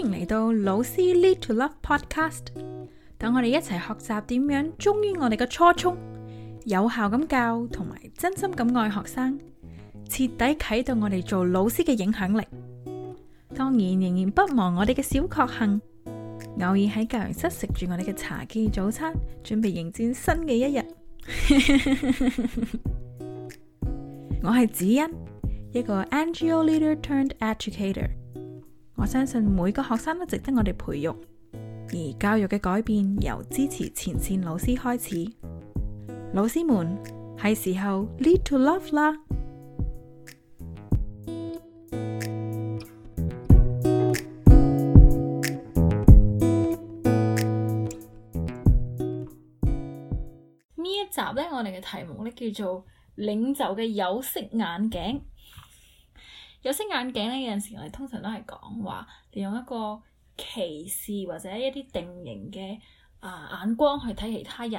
歡迎嚟到老師 Lead to Love Podcast，等我哋一齊學習點樣忠於我哋嘅初衷，有效咁教同埋真心咁愛學生，徹底啟動我哋做老師嘅影響力。當然仍然不忘我哋嘅小確幸，偶爾喺教員室食住我哋嘅茶記早餐，準備迎戰新嘅一日。 我係子欣，一個 NGO leader turned educator。Turn ed educ 我相信每個學生都值得我哋培育，而教育嘅改變由支持前線老師開始。老師們，係時候 lead to love 啦。呢一集呢，我哋嘅題目呢，叫做《領袖嘅有色眼鏡》。有色眼鏡呢，有陣時我哋通常都係講話利用一個歧視或者一啲定型嘅啊、呃、眼光去睇其他人。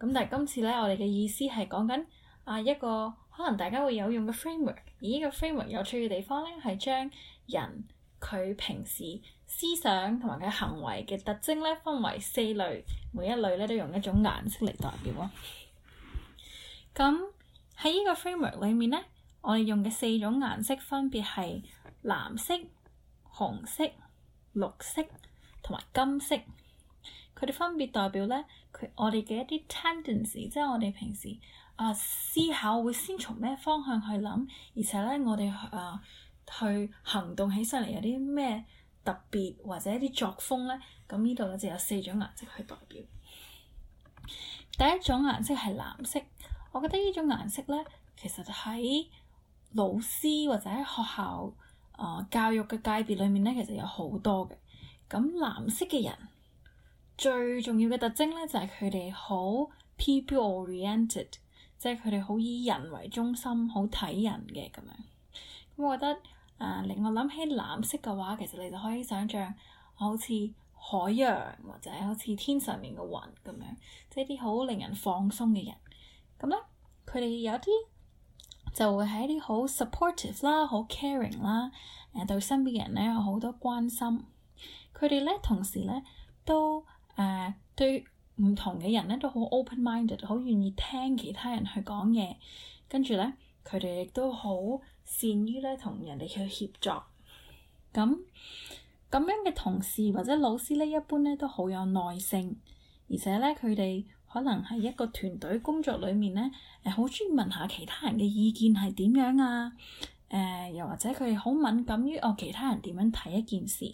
咁但係今次呢，我哋嘅意思係講緊啊一個可能大家會有用嘅 framework。而呢個 framework 有趣嘅地方呢，係將人佢平時思想同埋佢行為嘅特徵呢，分為四類，每一類呢都用一種顏色嚟代表咯。咁喺呢個 framework 裏面呢。我哋用嘅四種顏色分別係藍色、紅色、綠色同埋金色。佢哋分別代表咧，佢我哋嘅一啲 tendency，即係我哋平時啊思考會先從咩方向去諗，而且咧我哋啊去行動起上嚟有啲咩特別或者一啲作風咧。咁呢度咧就有四種顏色去代表。第一種顏色係藍色，我覺得種顏呢種顏色咧其實就喺老師或者喺學校啊、呃，教育嘅界別裏面咧，其實有好多嘅。咁藍色嘅人最重要嘅特徵咧，就係佢哋好 people-oriented，即係佢哋好以人為中心，好睇人嘅咁樣。咁我覺得啊、呃，令我諗起藍色嘅話，其實你就可以想象好似海洋或者好似天上面嘅雲咁樣，即係啲好令人放鬆嘅人。咁咧，佢哋有啲。就會係一啲好 supportive 啦，好 caring 啦、啊，誒對身邊嘅人咧有好多關心。佢哋咧同時咧都誒、啊、對唔同嘅人咧都好 open minded，好願意聽其他人去講嘢。跟住咧，佢哋亦都好善於咧同人哋去協作。咁咁樣嘅同事或者老師咧，一般咧都好有耐性，而且咧佢哋。可能係一個團隊工作裏面咧，誒好中意問下其他人嘅意見係點樣啊？誒、呃，又或者佢哋好敏感於哦其他人點樣睇一件事，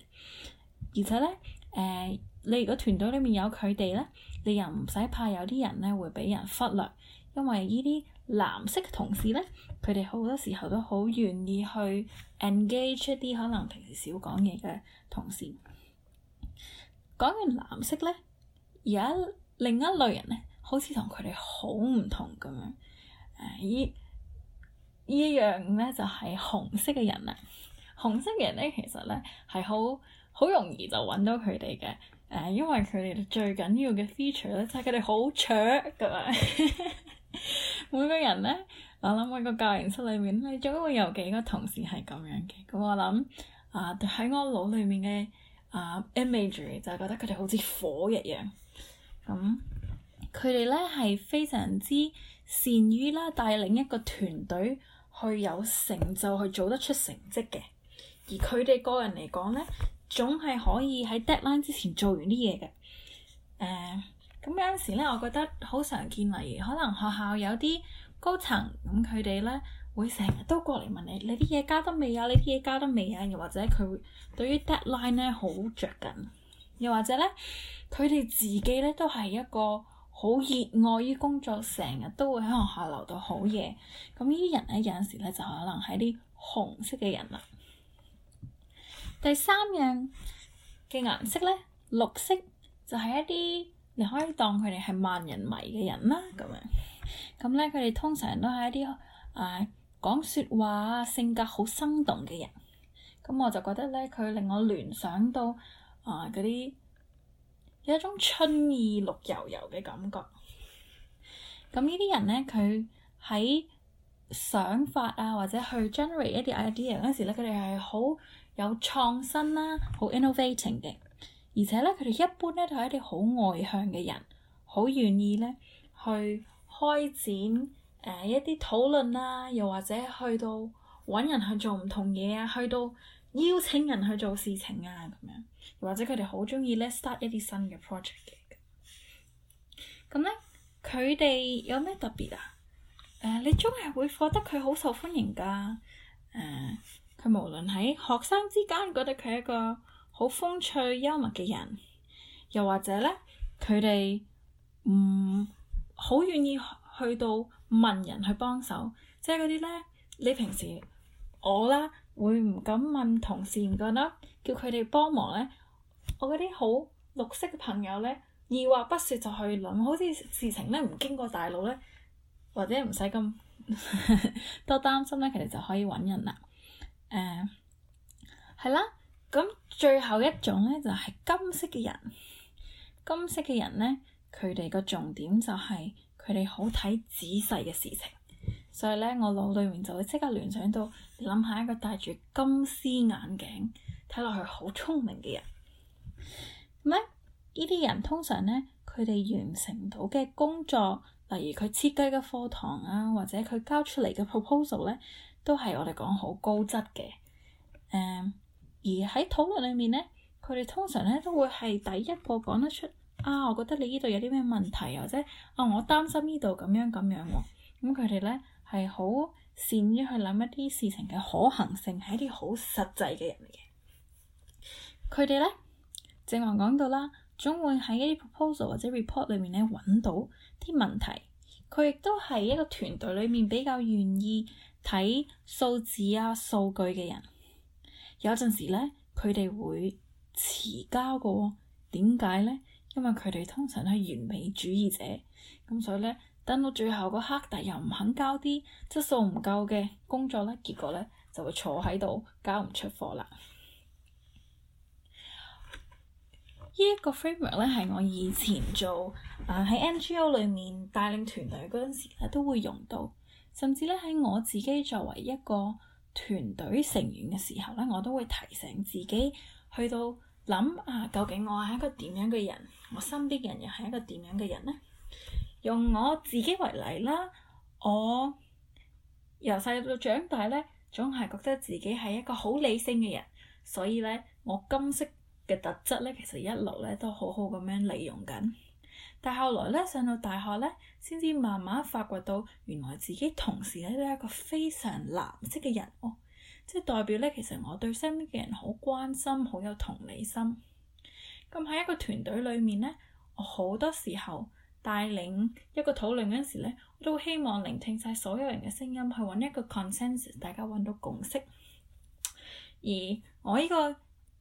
而且咧誒、呃，你如果團隊裏面有佢哋咧，你又唔使怕有啲人咧會俾人忽略，因為呢啲藍色嘅同事咧，佢哋好多時候都好願意去 engage 一啲可能平時少講嘢嘅同事。講完藍色咧，而家。另一類人咧，好似同佢哋好唔同咁樣呢。誒，呢一樣咧就係、是、紅色嘅人啦。紅色嘅人咧，其實咧係好好容易就揾到佢哋嘅誒，因為佢哋最緊要嘅 feature 咧就係佢哋好灼咁啊。 每個人咧，我諗喺個教員室裡面咧，總會有幾個，個同事係咁樣嘅。咁我諗啊，喺、呃、我腦裡面嘅啊、呃、imagery 就係覺得佢哋好似火一樣。咁佢哋咧係非常之善於啦，帶領一個團隊去有成就，去做得出成績嘅。而佢哋個人嚟講咧，總係可以喺 deadline 之前做完啲嘢嘅。誒、呃，咁有陣時咧，我覺得好常見，例如可能學校有啲高層，咁佢哋咧會成日都過嚟問你，你啲嘢交得未啊？你啲嘢交得未啊？又或者佢會對於 deadline 咧好着緊。又或者咧，佢哋自己咧都係一個好熱愛於工作，成日都會喺學校留到好夜。咁呢啲人咧，有陣時咧就可能係啲紅色嘅人啦。第三樣嘅顏色咧，綠色就係一啲你可以當佢哋係萬人迷嘅人啦。咁樣咁咧，佢哋通常都係一啲誒講說話，性格好生動嘅人。咁我就覺得咧，佢令我聯想到。啊！嗰啲有一種春意綠油油嘅感覺。咁 呢啲人咧，佢喺想法啊，或者去 generate 一啲 idea 嗰陣時咧，佢哋係好有創新啦、啊，好 innovating 嘅。而且咧，佢哋一般咧都係一啲好外向嘅人，好願意咧去開展誒、呃、一啲討論啦，又或者去到搵人去做唔同嘢啊，去到邀請人去做事情啊，咁樣。或者佢哋好中意咧 start 一啲新嘅 project 嘅，咁咧佢哋有咩特別啊？誒、呃，你總係會覺得佢好受歡迎噶。誒、呃，佢無論喺學生之間覺得佢係一個好風趣幽默嘅人，又或者咧佢哋唔好願意去到問人去幫手，即係嗰啲咧，你平時。我啦，會唔敢問同事唔覺啦，叫佢哋幫忙咧。我嗰啲好綠色嘅朋友咧，二話不說就去諗，好似事情咧唔經過大腦咧，或者唔使咁多擔心咧，佢哋就可以揾人、uh，啦。誒，係啦。咁最後一種咧就係、是、金色嘅人，金色嘅人咧，佢哋個重點就係佢哋好睇仔細嘅事情。所以咧，我腦裏面就會即刻聯想到諗下一個戴住金絲眼鏡，睇落去好聰明嘅人。咁咧，呢啲人通常咧，佢哋完成到嘅工作，例如佢設計嘅課堂啊，或者佢交出嚟嘅 proposal 咧，都係我哋講好高質嘅。誒，而喺討論裏面咧，佢哋通常咧都會係第一個講得出啊，我覺得你呢度有啲咩問題，或者啊，我擔心呢度咁樣咁樣喎。咁佢哋咧。係好善於去諗一啲事情嘅可行性，係一啲好實際嘅人嚟嘅。佢哋呢，正話講到啦，總會喺一啲 proposal 或者 report 裏面，呢揾到啲問題。佢亦都係一個團隊裏面比較願意睇數字啊、數據嘅人。有陣時呢，佢哋會遲交嘅喎、哦。點解呢？因為佢哋通常係完美主義者，咁所以呢。等到最後個刻但又唔肯交啲質素唔夠嘅工作咧，結果咧就會坐喺度交唔出貨啦。呢、這、一個 framework 咧，係我以前做啊喺、呃、NGO 裏面帶領團隊嗰陣時咧，都會用到。甚至咧喺我自己作為一個團隊成員嘅時候咧，我都會提醒自己去到諗啊，究竟我係一個點樣嘅人？我身邊嘅人又係一個點樣嘅人咧？用我自己為例啦，我由細到長大咧，總係覺得自己係一個好理性嘅人，所以咧，我金色嘅特質咧，其實一路咧都好好咁樣利用緊。但後來咧，上到大學咧，先至慢慢發掘到原來自己同時咧都係一個非常藍色嘅人哦，即係代表咧，其實我對身邊嘅人好關心，好有同理心。咁喺一個團隊裏面咧，我好多時候，帶領一個討論嗰陣時咧，我都希望聆聽晒所有人嘅聲音，去揾一個 consensus，大家揾到共識。而我呢個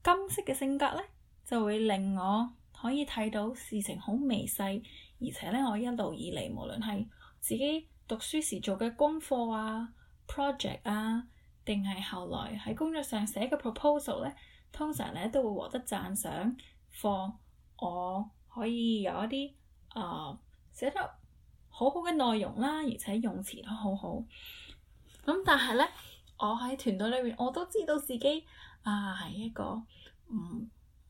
金色嘅性格咧，就會令我可以睇到事情好微細，而且咧，我一路以嚟無論係自己讀書時做嘅功課啊、project 啊，定係後來喺工作上寫嘅 proposal 咧，通常咧都會獲得讚賞，幫我可以有一啲。啊，uh, 寫得好好嘅內容啦，而且用詞都好好。咁但係咧，我喺團隊裏面，我都知道自己啊係一個唔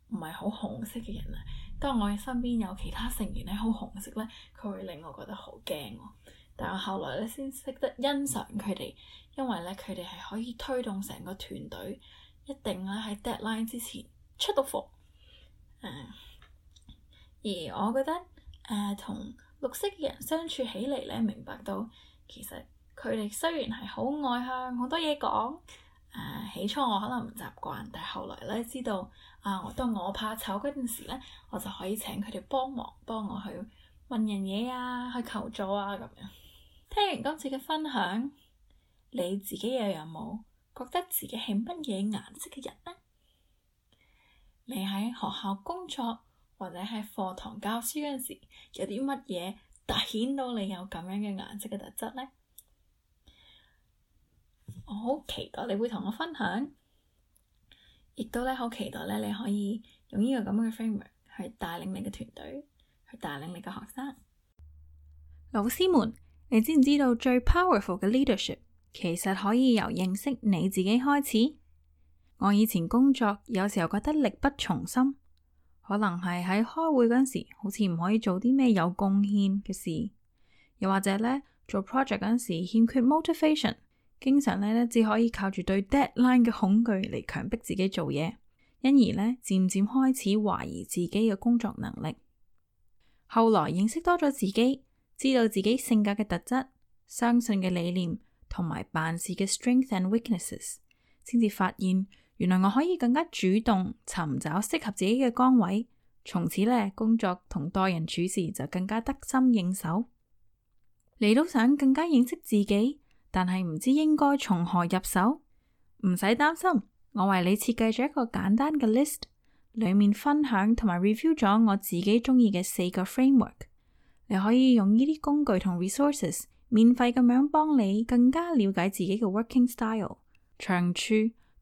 唔係好紅色嘅人啊。當我身邊有其他成員咧好紅色咧，佢會令我覺得好驚啊。但係我後來咧先識得欣賞佢哋，因為咧佢哋係可以推動成個團隊一定咧喺 deadline 之前出到貨。誒、uh，而我覺得。誒同、呃、綠色嘅人相處起嚟咧，明白到其實佢哋雖然係好外向，好多嘢講，誒起初我可能唔習慣，但係後來咧知道，啊我當我怕醜嗰陣時咧，我就可以請佢哋幫忙幫我去問人嘢啊，去求助啊咁樣。聽完今次嘅分享，你自己又有冇覺得自己係乜嘢顏色嘅人咧？你喺學校工作，或者喺課堂教書嗰陣時，有啲乜嘢凸顯到你有咁樣嘅顏色嘅特質呢？我好期待你會同我分享，亦都咧好期待咧，你可以用呢個咁樣嘅 framework 去帶領你嘅團隊，去帶領你嘅學生。老師們，你知唔知道最 powerful 嘅 leadership 其實可以由認識你自己開始？我以前工作有時候覺得力不從心。可能係喺開會嗰陣時，好似唔可以做啲咩有貢獻嘅事，又或者呢做 project 嗰陣時欠缺 motivation，經常呢只可以靠住對 deadline 嘅恐懼嚟強迫自己做嘢，因而呢漸漸開始懷疑自己嘅工作能力。後來認識多咗自己，知道自己性格嘅特質、相信嘅理念同埋辦事嘅 strength and weaknesses，先至發現。原來我可以更加主動尋找適合自己嘅崗位，從此呢工作同待人處事就更加得心應手。你都想更加認識自己，但係唔知應該從何入手？唔使擔心，我為你設計咗一個簡單嘅 list，裏面分享同埋 review 咗我自己中意嘅四個 framework。你可以用呢啲工具同 resources，免費咁樣幫你更加了解自己嘅 working style 長處。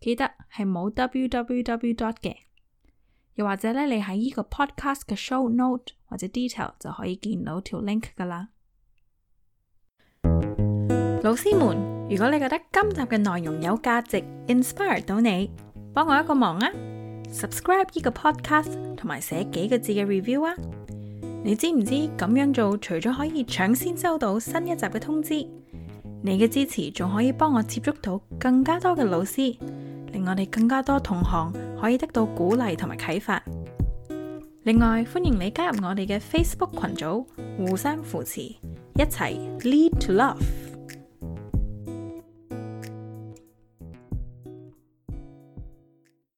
記得係冇 www. dot 嘅，又或者咧，你喺呢個 podcast 嘅 show note 或者 detail 就可以見到條 link 噶啦。老師們，如果你覺得今集嘅內容有價值，inspire 到你，幫我一個忙啊，subscribe 呢個 podcast 同埋寫幾個字嘅 review 啊。你知唔知咁樣做除咗可以搶先收到新一集嘅通知，你嘅支持仲可以幫我接觸到更加多嘅老師。令我哋更加多同行可以得到鼓勵同埋啟發。另外，歡迎你加入我哋嘅 Facebook 群組，互相扶持，一齊 Lead to Love。